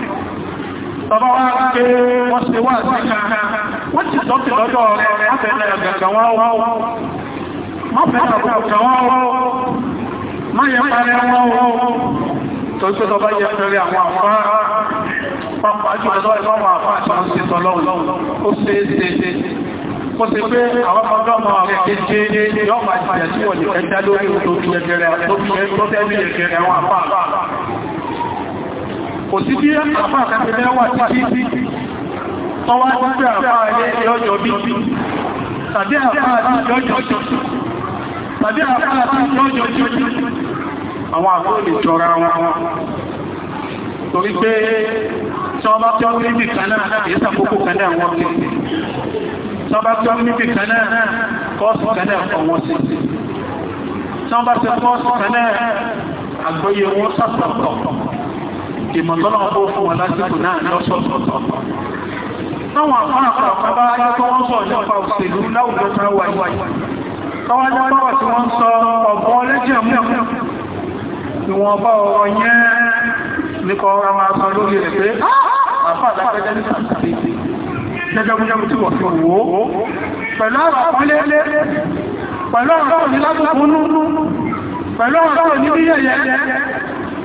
Bàbá wá ń pé wọ́n ṣe wà sí wọ́n ti tọ́kì lọ́jọ́ máfẹ́lẹ̀ àgbàgbà wọ́n wọ́n wọ́n. Máfẹ́lẹ̀ àgbàgbà wọ́n wọ́n wọ́n. Má yẹ parẹ́ wọ́n wọ́n wọ́n. Torí pé tọba yẹ fẹ́rẹ́ àwọn àfáà. Pápá jùlọ tọ́ ẹ̀fọ́ àwọn àfáà tí wọ́n ṣe tọ́lọ́run. Ó ṣe é ṣe ó ti pé àwọn ọmọdọ́mọ àwọn kò sí bí àpá àkàtẹ̀ mẹ́wàá títí tọ́wá títí àpá ilé ọjọ́ bí tàbí àpá àti ọjọ́ tàbí àpá àti ọjọ́ àwọn àpá olè jọra wọn torí pé tọ́bá tí ó níbi kanáà ìyẹ́sà kókó kanáà wọ́n ti tọ́bá tí ó níbi kanáà kọ́ọ̀sì kanáà ọ̀wọ́n sí tọ́bá tí ó kọ́ọ̀sì kanáà àgbóyẹ wọ́n sàtọ̀tọ̀ ìmọ̀ tọ́lọ̀ bó fún wọn lásìkò náà lọ́sọ̀tọ̀ táwọn àpárapàá bá yẹ kọ́ wọ́n sọ nípa òṣèlú láwùjọ ah, pẹ̀lú ọ̀rọ̀ pẹ̀lú ọ̀rọ̀ ní látòkúnú pẹ̀lú ọ̀rọ̀ ní bí yẹ̀yẹ̀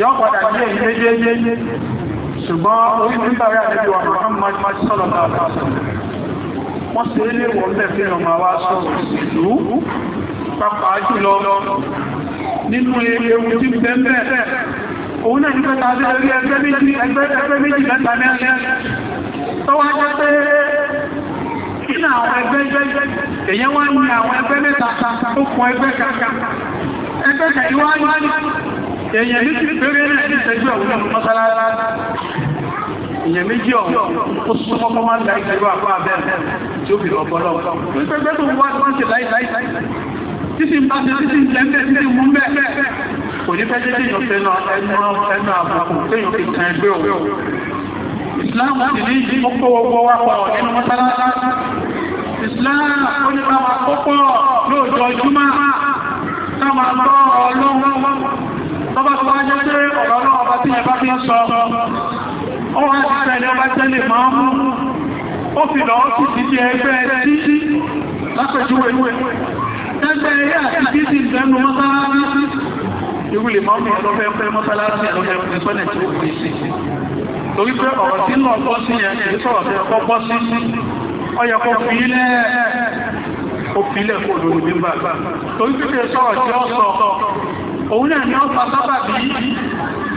yọ́ padà ní èyí méjèèjì ṣùgbọ́n orí nígbàrí àlejò àwọn Muhammad sallallahu alaihi wasallam wọ́n ṣe é léwọ̀ ń bẹ̀fẹ́ ọmọ wa sọ̀rọ̀ ìlú pàpàá jùlọ nínú ewu tí bẹ́ẹ̀ òun náà nípa tàbí ẹgbẹ́ méjì ẹgbẹ́ méjì mẹ́ta mẹ́rin tọ́wọ́ jẹ́ pé nínú àwọn ẹgbẹ́ èyàn wá ní àwọn ẹgbẹ́ mẹ́ta tó kún ẹgbẹ́ kankan ẹgbẹ́ kan ìwá ní èèyàn méjì péré ní ìṣẹ́jú àwọn ọmọ mọ́sálásá èèyàn méjì ọ̀hún ó súnmọ́ kọ́ máa ń da ìṣẹ́jú àpá abẹ́rẹ́ tí ó fi lọ bọ́lọ́ pẹ́pẹ́ tó wá tó ń ṣe láìláì títí ń bá ti títí ń jẹ́ ń bẹ́ẹ̀ títí ń mú bẹ́ẹ̀ kò ní fẹ́jẹ́ tí yóò fẹ́nu ẹnu àbùkù téèyàn fi kan ẹgbẹ́ òun ìsìláàmù sì ní ìdí ó kó owó wá pa ọ̀nà mọ́sálásá ìsìláàmù ó ní bá ti ń sọ ó wá ti tẹ́lẹ̀ ọba tẹ́lẹ̀ máa mú ó fi lọ sí ti di ẹgbẹ́ títí lápẹjúwé ẹgbẹ́ ẹ̀yà àti títí ìdẹ́nu mọ́sálásí ìwúlè máa mú ọlọ́fẹ́ pẹ́ mọ́sálásí ọlọ́fẹ́ pẹ́ sọ́nà tí ó pèsè torí pé ọ̀rọ̀ tí ń lọ bọ́ sí yẹn kìí sọ̀rọ̀ tẹ́ ọkọ́ bọ́ sí ọyọ kọ fi ilẹ̀ ó fi ilẹ̀ kò lórí nígbà torí pé sọ̀rọ̀ tí ó sọ òun náà ni ó fa sábàbí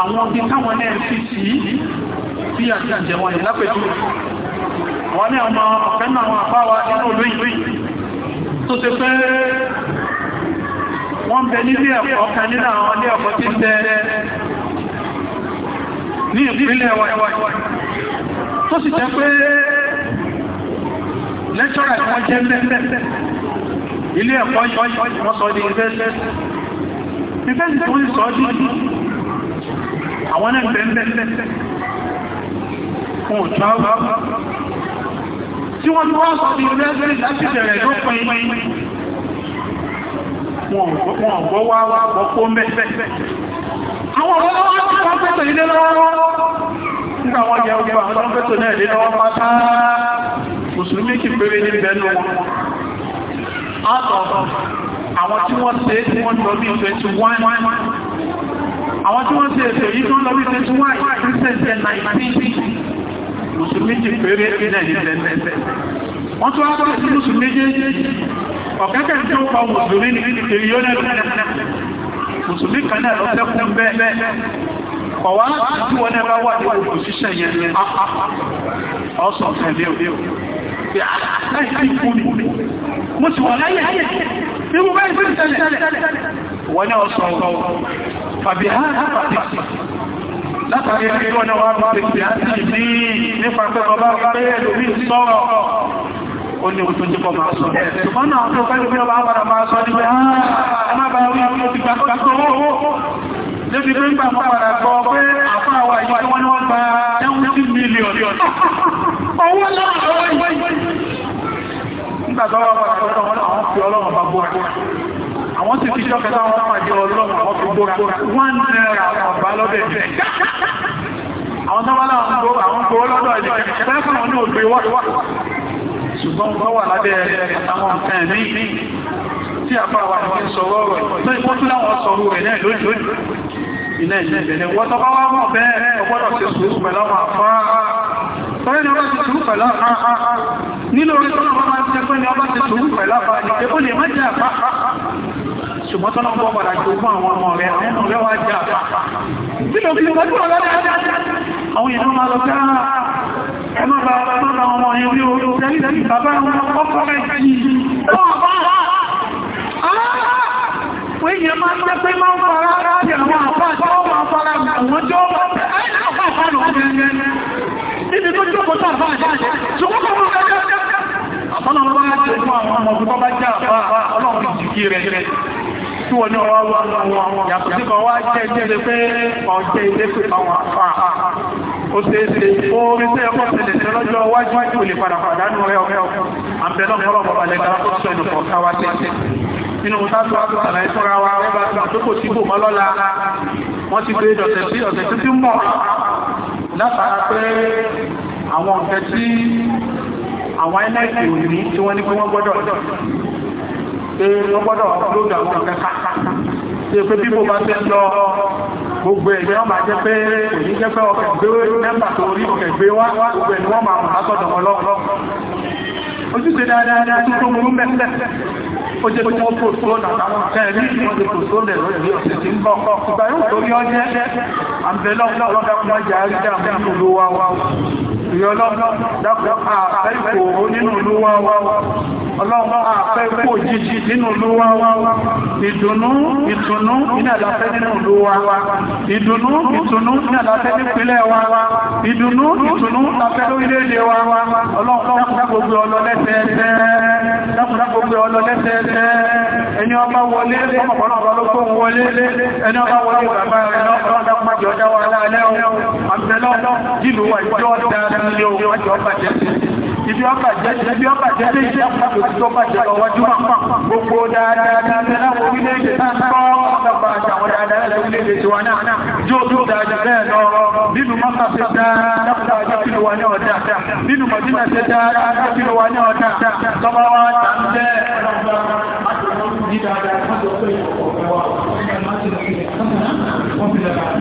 àwọn ọdí káwọn náà fi sí bí àjíjẹ wọn ìlápẹ̀jú wọ́n ní ọmọ ọ̀fẹ́ náà wọn àpáwà inú olóyìnbí tó ti pé wọ́n bẹ nílé ẹ̀kọ́ kan nínú àwọn ilé ẹ̀kọ́ tí ń bẹ ní ìpínlẹ̀ wáyíwáyí tó sì jẹ́ pé lẹ́ṣọ́rà tí wọ́n jẹ́ mẹ́fẹ́ ilé ẹ̀kọ́ yọ́ wọ́n sọ di ìfẹ́ àwọn náà bẹ̀ẹ̀bẹ̀ẹ̀ fún ọ̀tọ́ tí wọ́n tó wọ́n sọ bí rẹ́gbẹ̀rẹ̀ láti bẹ̀rẹ̀ ló pẹ̀ wọn gbọ́ wá wá gbọ́ to mẹ́fẹ́ àwọn ọ̀rọ̀ wọ́n ti wọ́n pẹ̀tẹ̀ ilé lọ́wọ́ nígbà wọ́n jẹ́ ọgbà àwọn ọ̀rọ̀ pẹ̀tẹ̀ náà lé lọ́wọ́ pátá mùsùlùmí kì péré ní bẹnu wọn àwọn tí wọ́n ṣe tí wọ́n lọ bí 21 àwọn tí wọ́n ti ẹ̀fẹ̀ yìí tó lọ́wọ́ ìṣẹ́ tí wọ́n àìsíṣẹ́ 19 mùsùlùmí ti pèrè ìrìnlẹ̀ wọ́n tó wá bọ́ sí mùsùlùmí méjèèjì ọ̀kẹ́kẹ́ tí ó pa mùsùlùmí ní ìpèrè yóò nẹ́rù mùsùlùmí kan náà lọ sẹ́kùn bẹ́ẹ̀ ọ̀wá tí wọ́n náà wà ní òṣìṣẹ́ yẹn ọ̀sọ̀ tẹ̀lé òbí ò wọ́n ni ọ̀sọ̀ ọ̀rọ̀ fàbí àpàtìkì látàrí ẹni wọ́n náà wọ́n ti pè á sí ní nípa pé ọba bẹ́ẹ̀ lórí sọ́rọ̀ ó ní ohun tó jẹ́ kọ́ máa sọ ṣùgbọ́n náà tó fẹ́ lórí ọba àpàdà máa sọ nígbẹ́ ah, ẹ má bàa wí ó ti gbàgbà tó owó débi pé ń gbà pàpàdà gbọ́ pé àfáàwà yìí tí wọ́n ní wọ́n gba ẹ̀wọ̀n sí mílíọ̀nù owó náà ọwọ́ ìwé nígbà tó wọ́n bá sọ àwọn ti fi jọ́ kẹta wọn bóra wọ́n náírà ọ̀bá lọ́dẹ̀ jẹ́ àwọn tọ́wọ́lá àwọn gbówó lọ́dọ̀ jẹ́ tẹ́lẹ́fún wọn ní ògbé wá ṣùgbọ́n wọ́n wà lábẹ́ àwọn nǹkan ẹ̀mí tí àpá wà ní sọ̀rọ̀ rẹ̀ tó ìpótú láwọn sọ̀rọ̀ rẹ̀ náà lónìí ilẹ̀ ìjẹ̀lẹ̀ wọ́n tọ́bá wá mọ̀ bẹ́ẹ̀ ọgbọ́dọ̀ sí sùúrù pẹ̀lú àwọn àfáà tọ́rẹ́ ni ọba ti sùúrù pẹ̀lú àfáà nílò orí tó ọba ti sùúrù pẹ̀lú àfáà ní ẹkọ́ lè má jẹ́ àfáà ṣùgbọ́n tọ́lá ń padà jù fún àwọn ọmọ rẹ̀ nínú rẹ̀ jà tí ló bá jẹ́ fún àwọn ọmọ ọdún bá jẹ́ àpá ọlọ́run jìkì rẹ̀ tí wọ́n ní ọwọ́ wà yàtọ̀ sí kan wá jẹ́ jẹ́ pé ọjẹ́ ilé pé àwọn àfà ó ṣe é ṣe orí tí ẹkọ́ ṣẹlẹ̀ tí ọlọ́jọ́ wájú wájú ò lè padà pàdánù rẹ̀ ọ̀rẹ́ ọ̀rẹ́ àwọn ọ̀tẹ̀ tí àwọn ẹlẹ́sìn òní tí wọ́n ní pé wọ́n gbọ́dọ̀ pé wọ́n gbọ́dọ̀ lóògùn àwọn ọ̀kẹ́ká ṣe pé bí mo bá fẹ́ lọ gbogbo ẹ̀gbẹ́ wọn máa jẹ́ pé kò ní jẹ́ pé ọkẹ̀ gbé mẹ́mbà tó rí ọkẹ̀ gbé wá gbogbo ẹ̀ ni wọ́n máa mọ̀ látọ̀dọ̀ wọn lọ́wọ́ ojúṣe dáadáa tó tó mú mẹ́sẹ̀ ó jẹ́ tó pò tó nàtàwọn tẹ́ẹ̀rí wọ́n ti pò tó lẹ̀ lórí ọ̀sẹ̀ tí ń bọ̀ ìgbà yóò tó rí ọjẹ́ àbẹ̀lọ́pọ̀lọ́dàkùnmọ́ jà rí dáàmú ìlú wa wa ìyọlọ́dàkùn àfẹ́ ìkòòrò nínú ìlú wa wa ọlọ́run àfẹ́ kú òjijì nínú olúwa wa ìdùnnú ìtùnnú ní àlàfẹ́ nínú olúwa wa ìdùnnú ìtùnnú ní àlàfẹ́ nípínlẹ̀ wa ìdùnnú ìtùnnú láfẹ́ lórílẹ̀-èdè wa ọlọ́run dákòógbé ọlọ́lẹ́sẹẹsẹ dákòógbé ọlọ́lẹ́sẹẹsẹ ẹni ọba wọlé ọmọkànlá ọba ló kóhun wọlé ẹni ọba wọlé bàbá rẹ̀ lọ́kọ̀ọ́ dákòógbé ọjọ́ wa láàrẹ́ ọ̀rọ̀ àbẹ̀lọ́ ibi ọba jẹ́ ibi ọba jẹ́ dé iṣẹ́ pàtó tó bá jẹ́ lọ́wọ́ jùmọ̀ gbogbo dáadáa dáadáa orílẹ̀-èdè kọ́ ọ̀pọ̀ àtàwọn dáadáa orílẹ̀-èdè tiwa náà jó tó dáadáa bẹ́ẹ̀ lọ nínú mọ́ta ṣe dáadáa dáadáa kí ló wà ní ọ̀dà nínú mọ̀dínà ṣe dáadáa kí ló wà ní ọ̀dà tọ́ba wa ta ń bẹ́ Thank you.